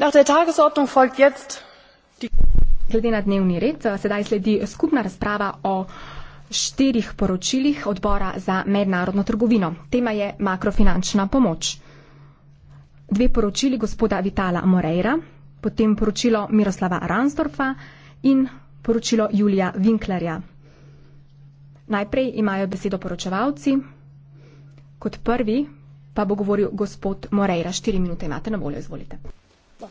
Nach der Tagesordnung folgt jetzt die Glede na dnevni red, sedaj sledi skupna razprava o štirih poročilih odbora za mednarodno trgovino. Tema je makrofinančna pomoč. Dve poročili gospoda Vitala Moreira, potem poročilo Miroslava Ransdorfa in poročilo Julija Winklerja. Najprej imajo besedo poročevalci, kot prvi pa bo govoril gospod Moreira. Štiri minute imate na voljo, izvolite. To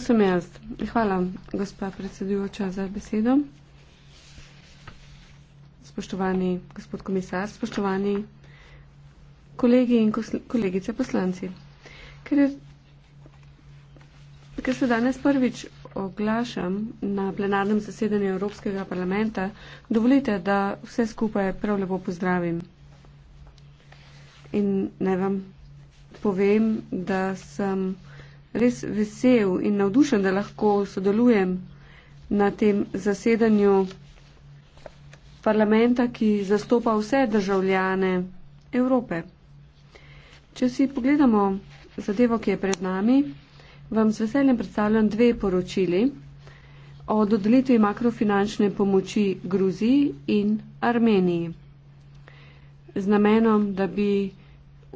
sem jaz. Hvala, gospa predsedujoča, za besedo. Spoštovani gospod komisar, spoštovani kolegi in kolegice poslanci. Ker, je, ker se danes prvič oglašam na plenarnem zasedanju Evropskega parlamenta, dovolite, da vse skupaj prav lepo pozdravim in naj vam povem, da sem res vesel in navdušen, da lahko sodelujem na tem zasedanju parlamenta, ki zastopa vse državljane Evrope. Če si pogledamo zadevo, ki je pred nami, vam z veseljem predstavljam dve poročili o dodelitvi makrofinančne pomoči Gruziji in Armeniji z namenom, da bi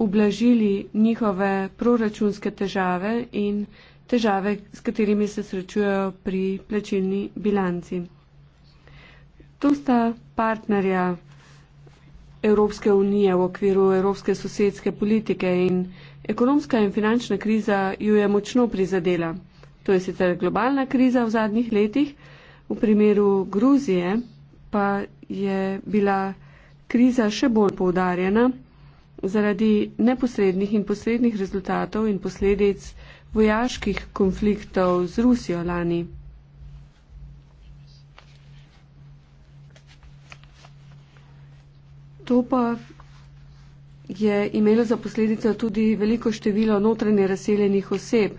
ublažili njihove proračunske težave in težave, s katerimi se srečujejo pri plačilni bilanci. To sta partnerja Evropske unije v okviru Evropske sosedske politike in ekonomska in finančna kriza ju je močno prizadela. To je sicer globalna kriza v zadnjih letih, v primeru Gruzije pa je bila kriza še bolj poudarjena. Zaradi neposrednih in posrednih rezultatov in posledic vojaških konfliktov z Rusijo lani. To pa je imelo za posledico tudi veliko število notranje razseljenih oseb.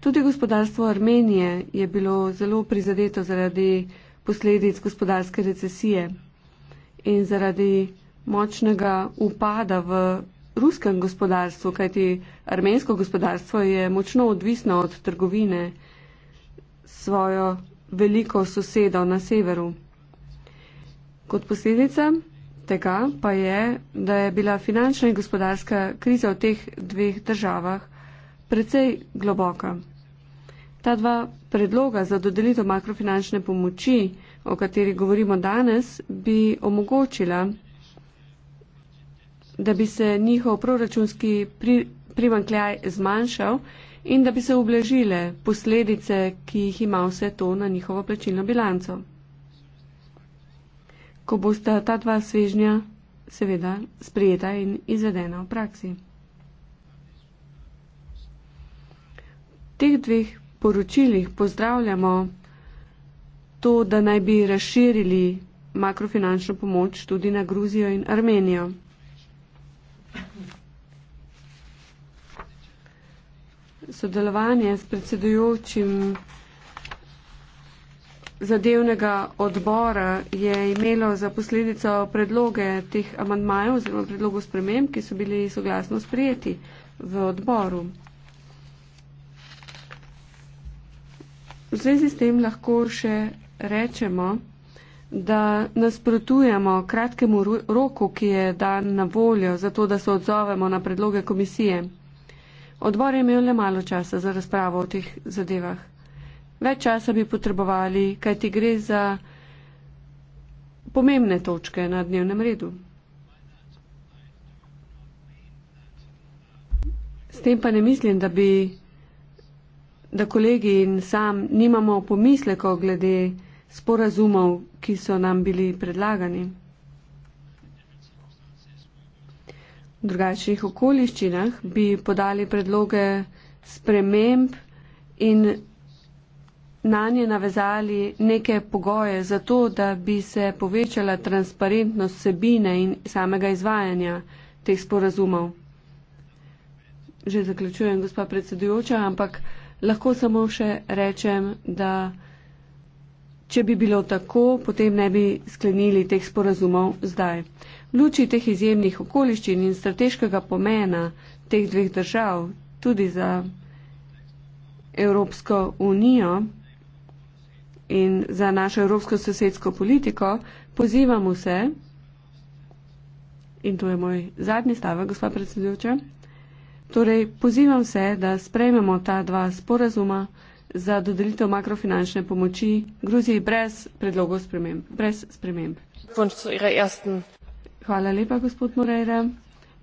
Tudi gospodarstvo Armenije je bilo zelo prizadeto zaradi posledic gospodarske recesije in zaradi močnega upada v ruskem gospodarstvu, kajti armensko gospodarstvo je močno odvisno od trgovine svojo veliko sosedo na severu. Kot posledica tega pa je, da je bila finančna in gospodarska kriza v teh dveh državah precej globoka. Ta dva predloga za dodelitev makrofinančne pomoči, o kateri govorimo danes, bi omogočila da bi se njihov proračunski pri, primankljaj zmanjšal in da bi se ublažile posledice, ki jih ima vse to na njihovo plačilno bilanco. Ko bosta ta dva svežnja seveda sprijeta in izvedena v praksi. V teh dveh poročilih pozdravljamo to, da naj bi razširili makrofinančno pomoč tudi na Gruzijo in Armenijo. Sodelovanje s predsedujočim zadevnega odbora je imelo za posledico predloge teh amandmajev oziroma predlogov sprememb, ki so bili soglasno sprejeti v odboru. V zvezi s tem lahko še rečemo, da nasprotujemo kratkemu roku, ki je dan na voljo, zato da se odzovemo na predloge komisije. Odbor je imel le malo časa za razpravo o teh zadevah. Več časa bi potrebovali, kaj ti gre za pomembne točke na dnevnem redu. S tem pa ne mislim, da bi, da kolegi in sam nimamo pomisleko glede sporazumov, ki so nam bili predlagani. V drugačnih okoliščinah bi podali predloge sprememb in na nje navezali neke pogoje za to, da bi se povečala transparentnost sebine in samega izvajanja teh sporazumov. Že zaključujem, gospa predsedujoča, ampak lahko samo še rečem, da. Če bi bilo tako, potem ne bi sklenili teh sporazumov zdaj. V luči teh izjemnih okoliščin in strateškega pomena teh dveh držav, tudi za Evropsko unijo in za našo evropsko sosedsko politiko, pozivamo se, in to je moj zadnji stavek, gospod predsedujoče, torej pozivam se, da sprejmemo ta dva sporazuma za dodelitev makrofinančne pomoči Gruziji brez predlogov sprememb. Brez sprememb. Hvala lepa, gospod Moreira,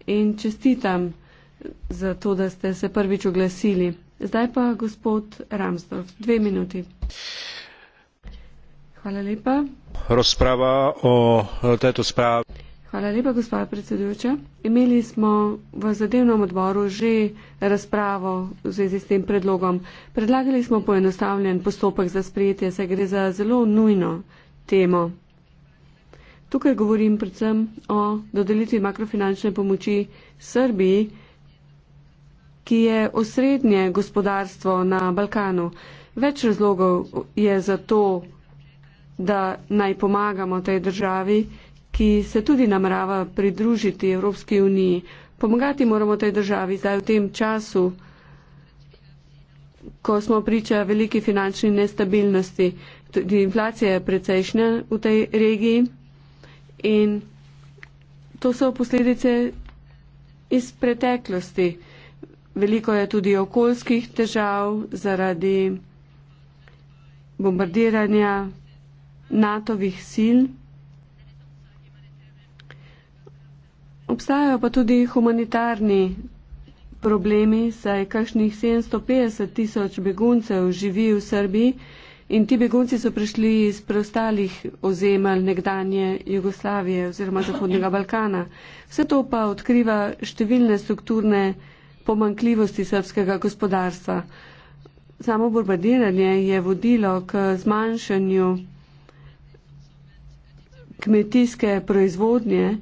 in čestitam za to, da ste se prvič oglasili. Zdaj pa gospod Ramsdorf, dve minuti. Hvala lepa. Razprava o tejto spravi. Hvala lepa, gospa predsedujoča. Imeli smo v zadevnem odboru že razpravo v zvezi s tem predlogom. Predlagali smo poenostavljen postopek za sprejetje, saj gre za zelo nujno temo. Tukaj govorim predvsem o dodelitvi makrofinančne pomoči Srbiji, ki je osrednje gospodarstvo na Balkanu. Več razlogov je za to, da naj pomagamo tej državi ki se tudi namrava pridružiti Evropski uniji. Pomagati moramo tej državi zdaj v tem času, ko smo priča veliki finančni nestabilnosti. Tudi inflacija je precejšnja v tej regiji in to so posledice iz preteklosti. Veliko je tudi okoljskih težav zaradi bombardiranja NATO-vih sil. Obstajajo pa tudi humanitarni problemi, saj kakšnih 750 tisoč beguncev živi v Srbiji in ti begunci so prišli iz preostalih ozemelj nekdanje Jugoslavije oziroma Zahodnega Balkana. Vse to pa odkriva številne strukturne pomankljivosti srpskega gospodarstva. Samo bombardiranje je vodilo k zmanjšanju kmetijske proizvodnje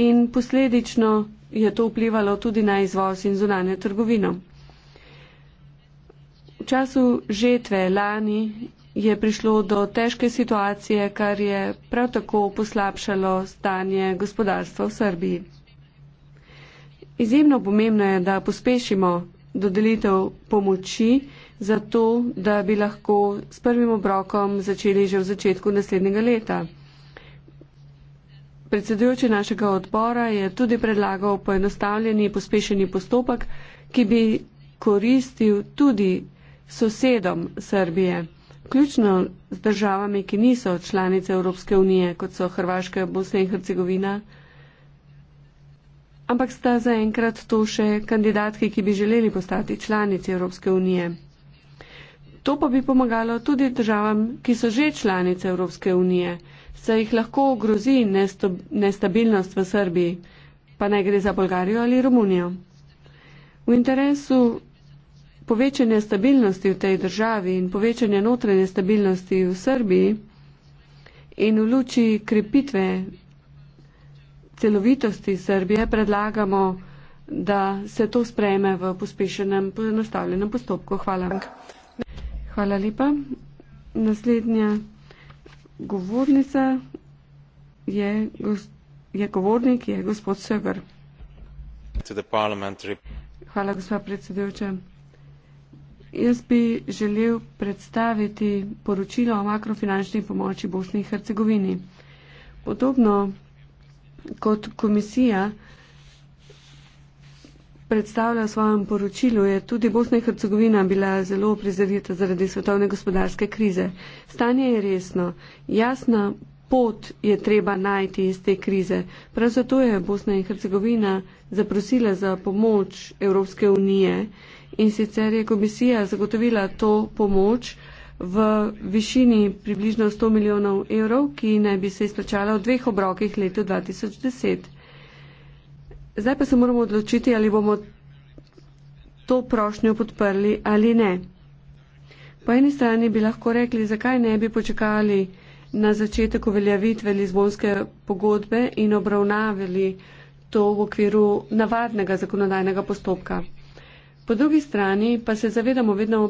in posledično je to vplivalo tudi na izvoz in zunanje trgovino. V času žetve lani je prišlo do težke situacije, kar je prav tako poslabšalo stanje gospodarstva v Srbiji. Izjemno pomembno je, da pospešimo dodelitev pomoči, zato da bi lahko s prvim obrokom začeli že v začetku naslednjega leta predsedujoči našega odbora je tudi predlagal poenostavljeni pospešeni postopek, ki bi koristil tudi sosedom Srbije, ključno z državami, ki niso članice Evropske unije, kot so Hrvaška, Bosna in Hercegovina, ampak sta zaenkrat to še kandidatki, ki bi želeli postati članice Evropske unije. To pa bi pomagalo tudi državam, ki so že članice Evropske unije se jih lahko ogrozi nestabilnost v Srbiji, pa naj gre za Bolgarijo ali Romunijo. V interesu povečanja stabilnosti v tej državi in povečanja notranje stabilnosti v Srbiji in v luči krepitve celovitosti Srbije predlagamo, da se to spreme v pospešenem, poenostavljenem postopku. Hvala. Hvala lepa. Naslednja. Govornica je, je govornik, je gospod Sögr. Hvala, gospod predsedujoča. Jaz bi želel predstaviti poročilo o makrofinančni pomoči Bosni in Hercegovini. Podobno kot komisija, predstavlja v svojem poročilu, je tudi Bosna in Hercegovina bila zelo prizadeta zaradi svetovne gospodarske krize. Stanje je resno. Jasna pot je treba najti iz te krize. Prav zato je Bosna in Hercegovina zaprosila za pomoč Evropske unije in sicer je komisija zagotovila to pomoč v višini približno 100 milijonov evrov, ki naj bi se izplačala v dveh obrokih leta 2010. Zdaj pa se moramo odločiti, ali bomo to prošnjo podprli ali ne. Po eni strani bi lahko rekli, zakaj ne bi počakali na začetek uveljavitve Lizbonske pogodbe in obravnavili to v okviru navadnega zakonodajnega postopka. Po drugi strani pa se zavedamo vedno,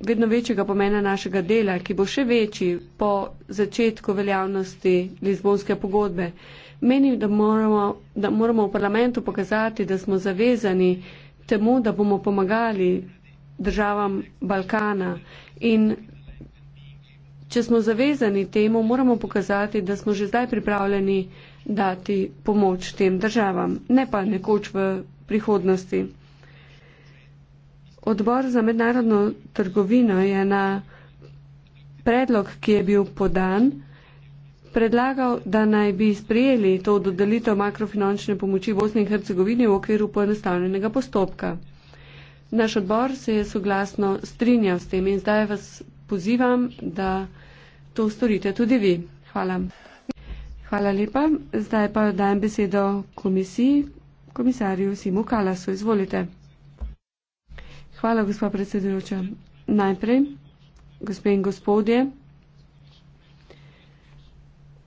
vedno večjega pomena našega dela, ki bo še večji po začetku veljavnosti Lizbonske pogodbe. Menim, da moramo, da moramo v parlamentu pokazati, da smo zavezani temu, da bomo pomagali državam Balkana. In če smo zavezani temu, moramo pokazati, da smo že zdaj pripravljeni dati pomoč tem državam, ne pa nekoč v prihodnosti. Odbor za mednarodno trgovino je na predlog, ki je bil podan, predlagal, da naj bi sprejeli to dodelitev makrofinančne pomoči Bosni in Hercegovini v okviru poenostavljenega postopka. Naš odbor se je soglasno strinjal s tem in zdaj vas pozivam, da to storite tudi vi. Hvala. Hvala lepa. Zdaj pa dajem besedo komisiji, komisarju Simu Kalasu. Izvolite. Hvala, gospod predsedujoča. Najprej, gospe in gospodje,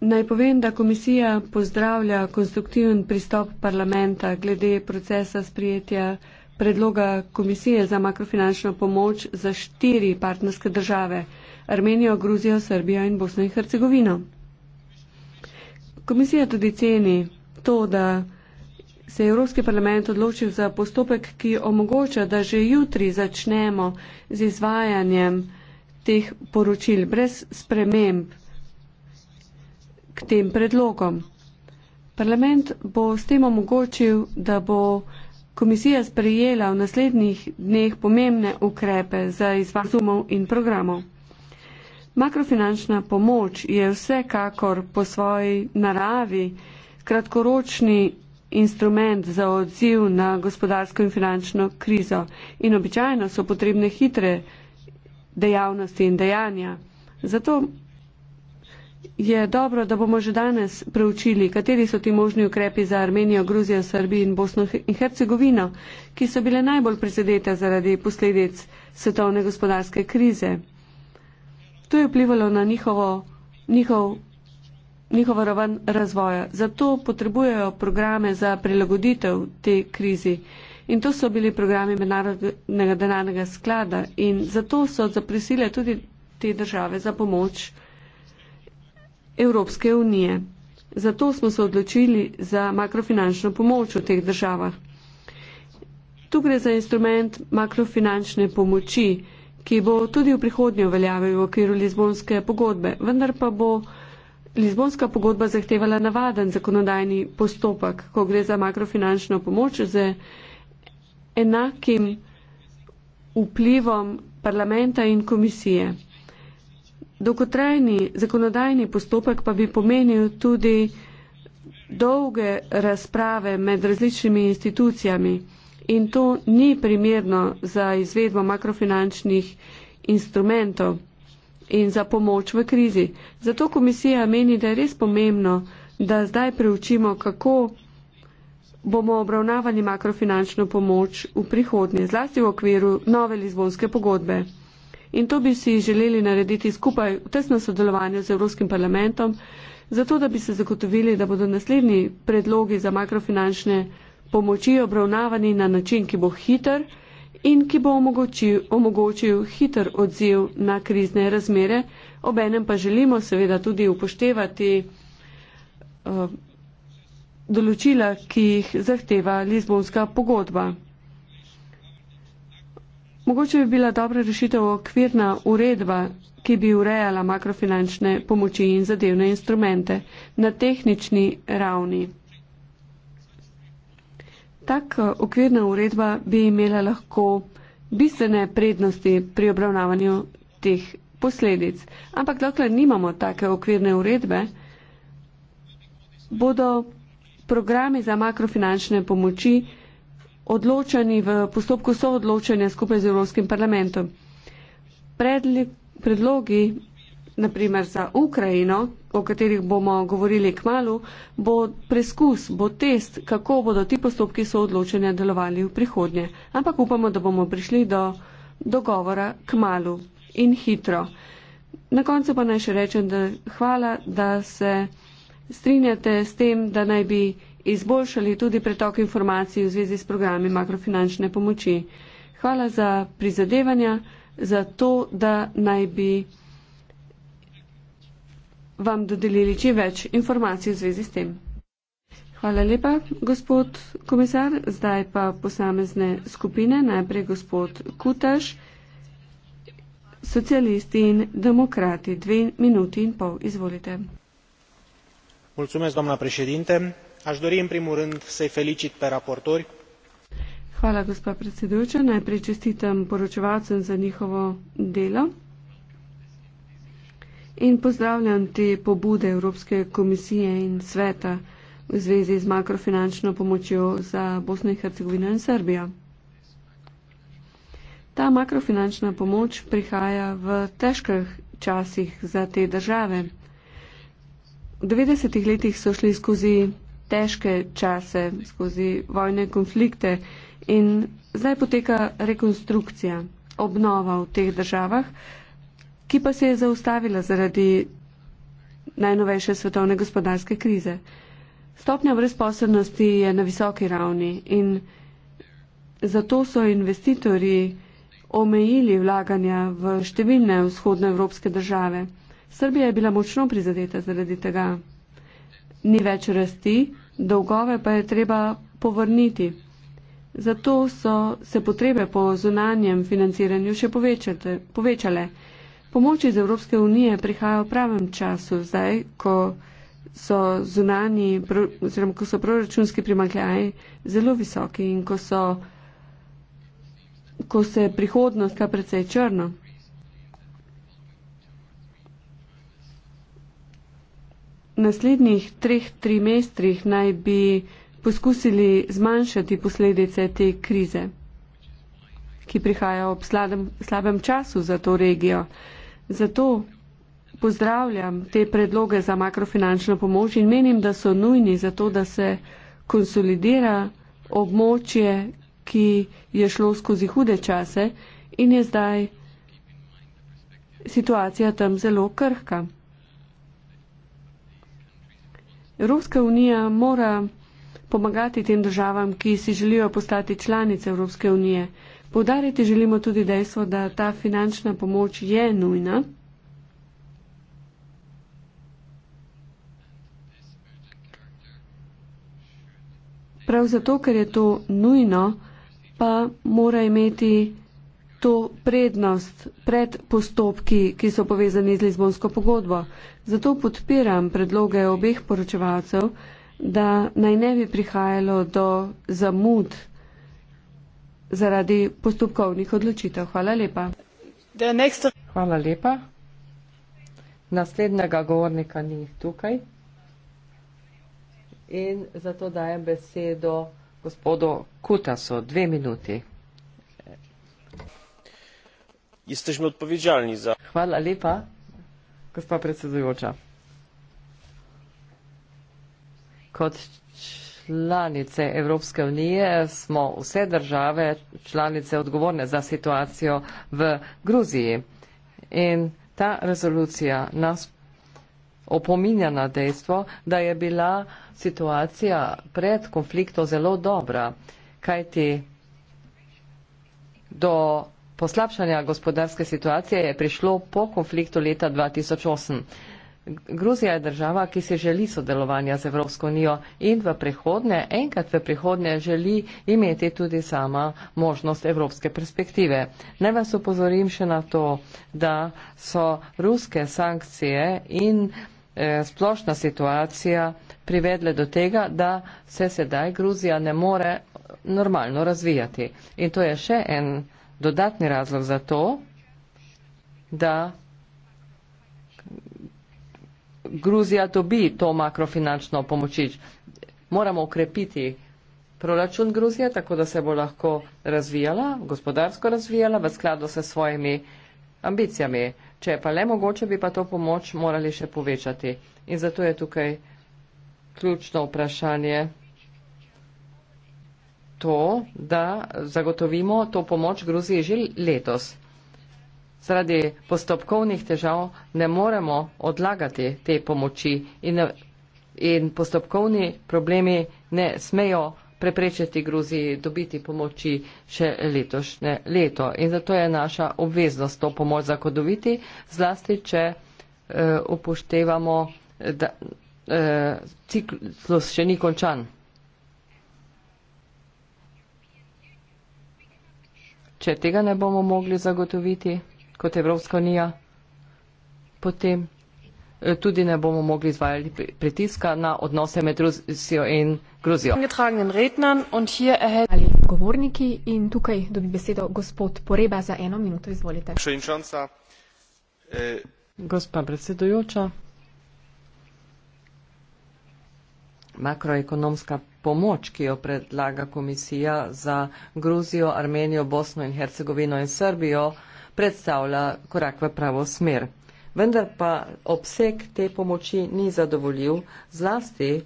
Naj povem, da komisija pozdravlja konstruktiven pristop parlamenta glede procesa sprijetja predloga komisije za makrofinančno pomoč za štiri partnerske države - Armenijo, Gruzijo, Srbijo in Bosno in Hercegovino. Komisija tudi ceni to, da se je Evropski parlament odločil za postopek, ki omogoča, da že jutri začnemo z izvajanjem teh poročil brez sprememb k tem predlogom. Parlament bo s tem omogočil, da bo komisija sprejela v naslednjih dneh pomembne ukrepe za izvazumov in programov. Makrofinančna pomoč je vsekakor po svoji naravi kratkoročni instrument za odziv na gospodarsko in finančno krizo in običajno so potrebne hitre dejavnosti in dejanja. Zato je dobro, da bomo že danes preučili, kateri so ti možni ukrepi za Armenijo, Gruzijo, Srbijo in Bosno in Hercegovino, ki so bile najbolj prizadete zaradi posledic svetovne gospodarske krize. To je vplivalo na njihovo, njihov, njihovo raven razvoja. Zato potrebujejo programe za prilagoditev te krizi. In to so bili programi mednarodnega denarnega sklada. In zato so zaprisile tudi te države za pomoč Evropske unije. Zato smo se odločili za makrofinančno pomoč v teh državah. Tu gre za instrument makrofinančne pomoči, ki bo tudi v prihodnje uveljavil v okviru Lizbonske pogodbe, vendar pa bo Lizbonska pogodba zahtevala navaden zakonodajni postopek, ko gre za makrofinančno pomoč z enakim vplivom parlamenta in komisije. Dolgotrajni zakonodajni postopek pa bi pomenil tudi dolge razprave med različnimi institucijami in to ni primerno za izvedbo makrofinančnih instrumentov in za pomoč v krizi. Zato komisija meni, da je res pomembno, da zdaj preučimo, kako bomo obravnavali makrofinančno pomoč v prihodnje, zlasti v okviru nove lizbonske pogodbe in to bi si želeli narediti skupaj v tesno sodelovanju z Evropskim parlamentom, zato da bi se zagotovili, da bodo naslednji predlogi za makrofinančne pomoči obravnavani na način, ki bo hiter in ki bo omogočil, omogočil hiter odziv na krizne razmere. Obenem pa želimo seveda tudi upoštevati eh, določila, ki jih zahteva Lizbonska pogodba. Mogoče bi bila dobra rešitev okvirna uredba, ki bi urejala makrofinančne pomoči in zadevne instrumente na tehnični ravni. Tak eh, okvirna uredba bi imela lahko bistvene prednosti pri obravnavanju teh posledic. Ampak dokler nimamo take okvirne uredbe, bodo programi za makrofinančne pomoči odločani v postopku soodločanja skupaj z Evropskim parlamentom. Predli, predlogi, naprimer za Ukrajino, o katerih bomo govorili k malu, bo preskus, bo test, kako bodo ti postopki soodločanja delovali v prihodnje. Ampak upamo, da bomo prišli do dogovora k malu in hitro. Na koncu pa naj še rečem, da hvala, da se strinjate s tem, da naj bi izboljšali tudi pretok informacij v zvezi s programi makrofinančne pomoči. Hvala za prizadevanja, za to, da naj bi vam dodelili čim več informacij v zvezi s tem. Hvala lepa, gospod komisar. Zdaj pa posamezne skupine. Najprej gospod Kutaš, socialisti in demokrati. Dve minuti in pol. Izvolite. Mulțumesc, doamna președinte a dori în primul rând să i felicit pe raportori. Hvala, gospa predsedujoča. Najprej čestitam poročevalcem za njihovo delo. In pozdravljam te pobude Evropske komisije in sveta v zvezi z makrofinančno pomočjo za Bosno in Hercegovino in Srbijo. Ta makrofinančna pomoč prihaja v težkih časih za te države. V 90-ih letih so šli skozi težke čase, skozi vojne konflikte in zdaj poteka rekonstrukcija, obnova v teh državah, ki pa se je zaustavila zaradi najnovejše svetovne gospodarske krize. Stopnja brezposobnosti je na visoki ravni in zato so investitorji omejili vlaganja v številne vzhodnoevropske države. Srbija je bila močno prizadeta zaradi tega. Ni več rasti, dolgove pa je treba povrniti. Zato so se potrebe po zunanjem financiranju še povečate, povečale. Pomoč iz Evropske unije prihaja v pravem času, zdaj, ko so zunani, oziroma ko so proračunski primankljaji zelo visoki in ko, so, ko se prihodnost kar precej črno. naslednjih treh trimestrih naj bi poskusili zmanjšati posledice te krize, ki prihaja ob slabem, slabem času za to regijo. Zato pozdravljam te predloge za makrofinančno pomoč in menim, da so nujni za to, da se konsolidira območje, ki je šlo skozi hude čase in je zdaj situacija tam zelo krhka. Evropska unija mora pomagati tem državam, ki si želijo postati članice Evropske unije. Povdariti želimo tudi dejstvo, da ta finančna pomoč je nujna. Prav zato, ker je to nujno, pa mora imeti to prednost pred postopki, ki so povezani z Lizbonsko pogodbo. Zato podpiram predloge obeh poročevalcev, da naj ne bi prihajalo do zamud zaradi postopkovnih odločitev. Hvala lepa. Hvala lepa. Naslednjega govornika ni tukaj. In zato dajem besedo gospodu Kutasu. Dve minuti. Jesteśmy odpowiedzialni za. Hvala lepa gospa predsedujoča. Kot članice Evropske unije smo vse države članice odgovorne za situacijo v Gruziji. In ta rezolucija nas opominja na dejstvo, da je bila situacija pred konfliktom zelo dobra, kajti do poslabšanja gospodarske situacije je prišlo po konfliktu leta 2008. Gruzija je država, ki si želi sodelovanja z Evropsko unijo in v prihodnje, enkrat v prihodnje, želi imeti tudi sama možnost evropske perspektive. Naj vas upozorim še na to, da so ruske sankcije in eh, splošna situacija privedle do tega, da se sedaj Gruzija ne more eh, normalno razvijati. In to je še en dodatni razlog za to, da Gruzija dobi to makrofinančno pomočič. Moramo ukrepiti proračun Gruzije, tako da se bo lahko razvijala, gospodarsko razvijala v skladu s svojimi ambicijami. Če pa le mogoče, bi pa to pomoč morali še povečati. In zato je tukaj ključno vprašanje to, da zagotovimo to pomoč Gruziji že letos. Zaradi postopkovnih težav ne moremo odlagati te pomoči in, in postopkovni problemi ne smejo preprečiti Gruziji dobiti pomoči še letošnje leto. In zato je naša obveznost to pomoč zagotoviti, zlasti če uh, upoštevamo, da uh, ciklus še ni končan. če tega ne bomo mogli zagotoviti kot Evropska unija, potem eh, tudi ne bomo mogli izvajati pritiska na odnose med Rusijo in Gruzijo. Govorniki in tukaj dobi besedo gospod Poreba za eno minuto, izvolite. E- Gospa predsedujoča, makroekonomska pomoč, ki jo predlaga komisija za Gruzijo, Armenijo, Bosno in Hercegovino in Srbijo, predstavlja korak v pravo smer. Vendar pa obseg te pomoči ni zadovoljiv, zlasti,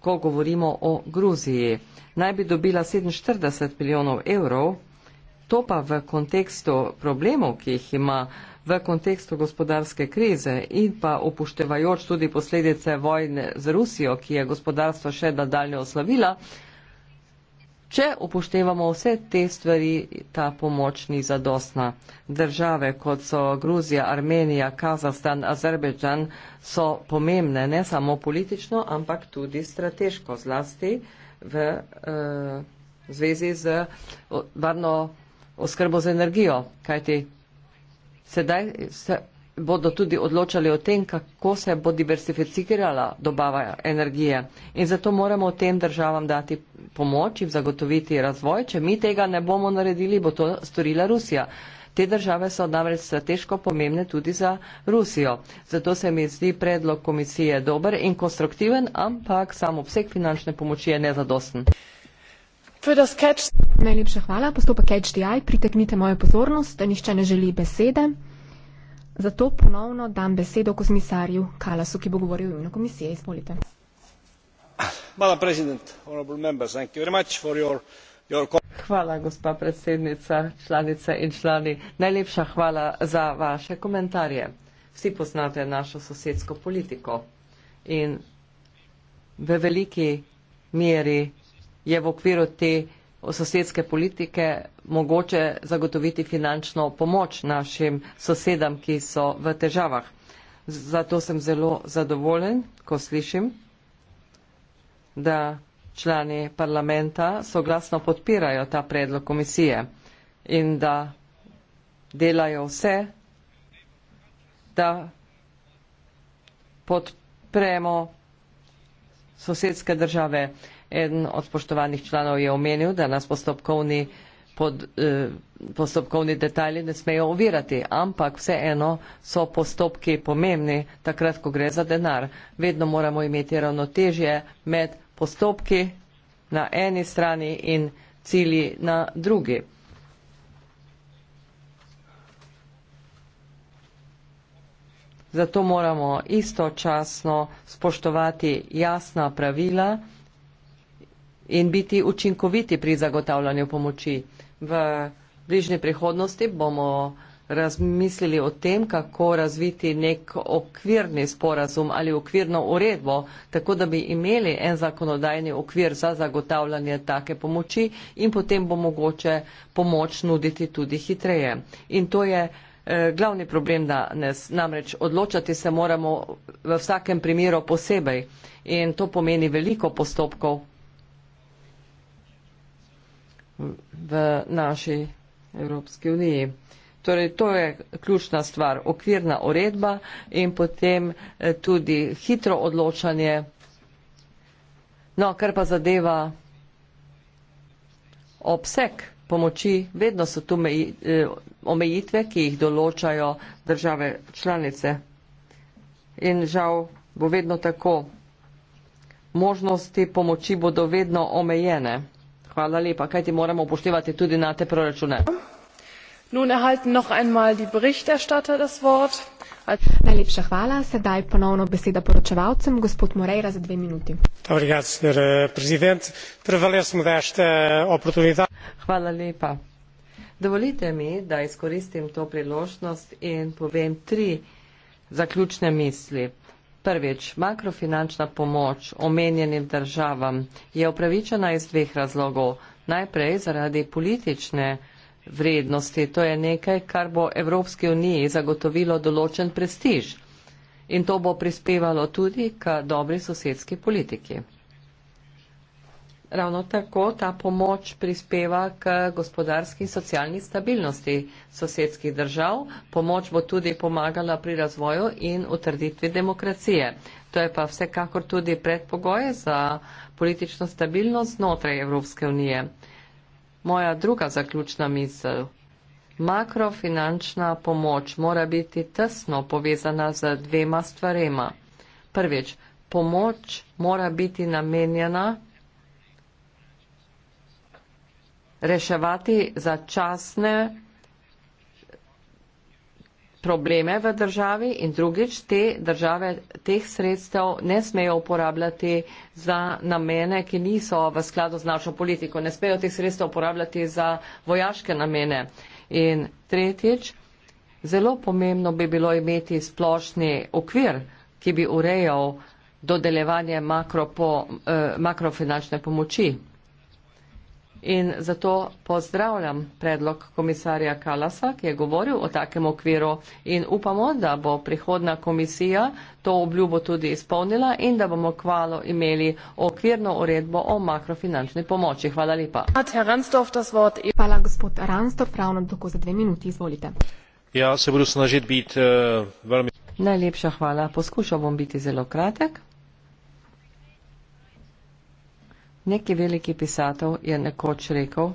ko govorimo o Gruziji. Naj bi dobila 47 milijonov evrov, to pa v kontekstu problemov, ki jih ima v kontekstu gospodarske krize in pa upoštevajoč tudi posledice vojne z Rusijo, ki je gospodarstvo še nadaljne oslavila, če upoštevamo vse te stvari, ta pomoč ni zadostna. Države, kot so Gruzija, Armenija, Kazastan, Azerbejdžan, so pomembne ne samo politično, ampak tudi strateško, zlasti v eh, zvezi z varno oskrbo z energijo, kajti sedaj se bodo tudi odločali o tem, kako se bo diversificirala dobava energije. In zato moramo tem državam dati pomoč in zagotoviti razvoj. Če mi tega ne bomo naredili, bo to storila Rusija. Te države so namreč strateško pomembne tudi za Rusijo. Zato se mi zdi predlog komisije dober in konstruktiven, ampak samo obseg finančne pomoči je nezadosten. For the sketch... Najlepša hvala. Postopek HDI, priteknite mojo pozornost, da nišče ne želi besede. Zato ponovno dam besedo komisarju Kalasu, ki bo govoril v imenu komisije. Izvolite. Hvala, predsednik, honorable members, thank you very much for your Hvala, gospa predsednica, članice in člani. Najlepša hvala za vaše komentarje. Vsi poznate našo sosedsko politiko in v veliki meri je v okviru te sosedske politike mogoče zagotoviti finančno pomoč našim sosedam, ki so v težavah. Zato sem zelo zadovoljen, ko slišim, da člani parlamenta soglasno podpirajo ta predlog komisije in da delajo vse, da podpremo sosedske države. Eden od spoštovanih članov je omenil, da nas postopkovni, pod, eh, postopkovni detalji ne smejo ovirati, ampak vseeno so postopki pomembni, takrat, ko gre za denar. Vedno moramo imeti ravnotežje med postopki na eni strani in cilji na drugi. Zato moramo istočasno spoštovati jasna pravila, in biti učinkoviti pri zagotavljanju pomoči. V bližnji prihodnosti bomo razmislili o tem, kako razviti nek okvirni sporazum ali okvirno uredbo, tako da bi imeli en zakonodajni okvir za zagotavljanje take pomoči in potem bo mogoče pomoč nuditi tudi hitreje. In to je eh, glavni problem danes. Namreč odločati se moramo v vsakem primeru posebej in to pomeni veliko postopkov, v naši Evropski uniji. Torej, to je ključna stvar, okvirna uredba in potem eh, tudi hitro odločanje. No, kar pa zadeva obseg pomoči, vedno so tu eh, omejitve, ki jih določajo države članice. In žal bo vedno tako. Možnosti pomoči bodo vedno omejene. Hvala lepa, kaj ti moramo upoštevati tudi na te proračune. Nun erhalten noch einmal die Berichterstatter das Wort. Najlepša hvala, sedaj ponovno beseda poročevalcem, gospod Moreira za dve minuti. Eh, eh, hvala lepa. Dovolite mi, da izkoristim to priložnost in povem tri zaključne misli. Prvič, makrofinančna pomoč omenjenim državam je upravičena iz dveh razlogov. Najprej zaradi politične vrednosti, to je nekaj, kar bo Evropski uniji zagotovilo določen prestiž in to bo prispevalo tudi k dobri sosedski politiki. Ravno tako ta pomoč prispeva k gospodarski in socialni stabilnosti sosedskih držav. Pomoč bo tudi pomagala pri razvoju in utrditvi demokracije. To je pa vsekakor tudi predpogoj za politično stabilnost znotraj Evropske unije. Moja druga zaključna misel. Makrofinančna pomoč mora biti tesno povezana z dvema stvarema. Prvič, pomoč mora biti namenjena reševati začasne probleme v državi in drugič te države teh sredstev ne smejo uporabljati za namene, ki niso v skladu z našo politiko, ne smejo teh sredstev uporabljati za vojaške namene. In tretjič, zelo pomembno bi bilo imeti splošni okvir, ki bi urejal dodelevanje makro po, eh, makrofinančne pomoči in zato pozdravljam predlog komisarja Kalasa, ki je govoril o takem okviru in upamo, da bo prihodna komisija to obljubo tudi izpolnila in da bomo kvalo imeli okvirno uredbo o makrofinančni pomoči. Hvala lepa. Hvala, gospod Ransdorf, pravno tako za dve minuti, izvolite. Ja, se bodo snažiti biti uh, eh, veliko. Najlepša hvala. Poskušal bom biti zelo kratek. Neki veliki pisatelj je nekoč rekel,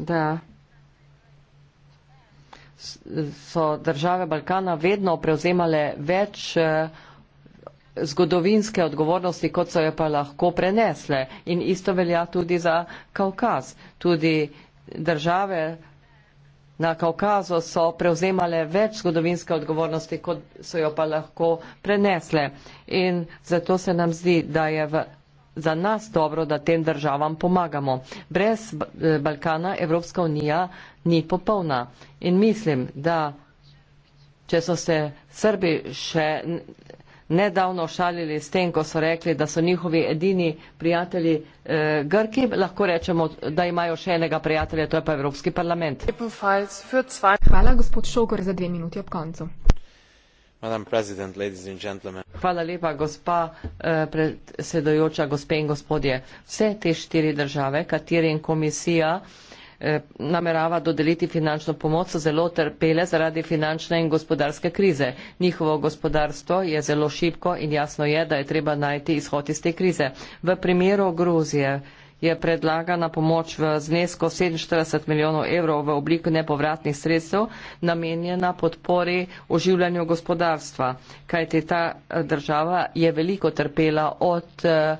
da so države Balkana vedno prevzemale več eh, zgodovinske odgovornosti, kot so jo pa lahko prenesle. In isto velja tudi za Kaukaz. Tudi države na Kaukazu so prevzemale več zgodovinske odgovornosti, kot so jo pa lahko prenesle. In zato se nam zdi, da je v, za nas dobro, da tem državam pomagamo. Brez eh, Balkana Evropska unija ni popolna. In mislim, da če so se Srbi še nedavno šalili s tem, ko so rekli, da so njihovi edini prijatelji eh, Grki, lahko rečemo, da imajo še enega prijatelja, to je pa Evropski parlament. Hvala, gospod Šogor, za dve minuti ob koncu. Hvala lepa, gospa eh, predsedojoča, gospe in gospodje. Vse te štiri države, katerim komisija. Eh, namerava dodeliti finančno pomoč, so zelo trpele zaradi finančne in gospodarske krize. Njihovo gospodarstvo je zelo šipko in jasno je, da je treba najti izhod iz te krize. V primeru Gruzije je predlagana pomoč v znesko 47 milijonov evrov v obliku nepovratnih sredstev namenjena podpori oživljanju gospodarstva, kajti ta eh, država je veliko trpela od uh,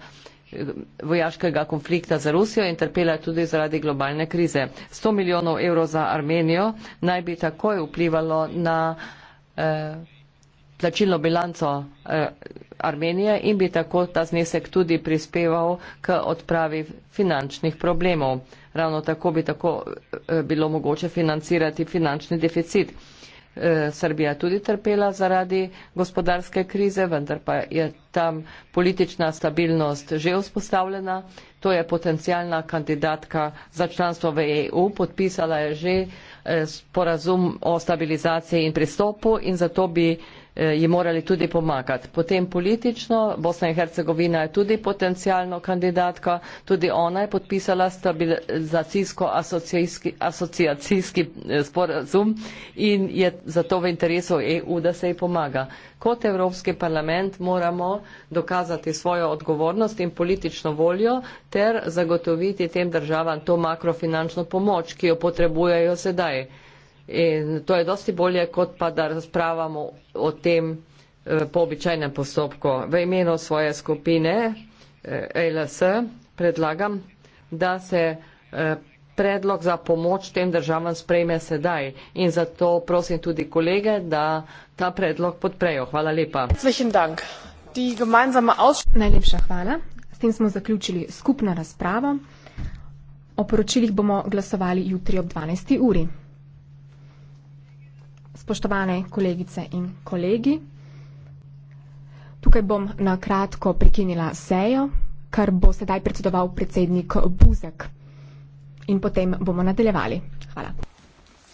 vojaškega konflikta za Rusijo in trpela tudi zaradi globalne krize. 100 milijonov evrov za Armenijo naj bi takoj vplivalo na eh, plačilno bilanco eh, Armenije in bi tako ta znesek tudi prispeval k odpravi finančnih problemov. Ravno tako bi tako eh, bilo mogoče financirati finančni deficit. Eh, E, Srbija tudi trpela zaradi gospodarske krize, vendar pa je tam politična stabilnost že vzpostavljena. To je potencijalna kandidatka za članstvo v EU, podpisala je že e, sporazum o stabilizaciji in pristopu in zato bi Eh, ji morali tudi pomagati. Potem politično, Bosna in Hercegovina je tudi potencijalno kandidatka, tudi ona je podpisala stabilizacijsko-asociacijski eh, sporazum in je zato v interesu EU, da se ji pomaga. Kot Evropski parlament moramo dokazati svojo odgovornost in politično voljo ter zagotoviti tem državam to makrofinančno pomoč, ki jo potrebujejo sedaj. In to je dosti bolje, kot pa da razpravamo o tem eh, po običajnem postopku. V imenu svoje skupine eh, ALS predlagam, da se eh, predlog za pomoč tem državam sprejme sedaj in zato prosim tudi kolege, da ta predlog podprejo. Hvala lepa. Najlepša hvala. S tem smo zaključili skupno razpravo. O poročilih bomo glasovali jutri ob 12. uri. Spoštovane kolegice in kolegi, tukaj bom na kratko prekinila sejo, kar bo sedaj predsedoval predsednik Buzek. In potem bomo nadaljevali. Hvala.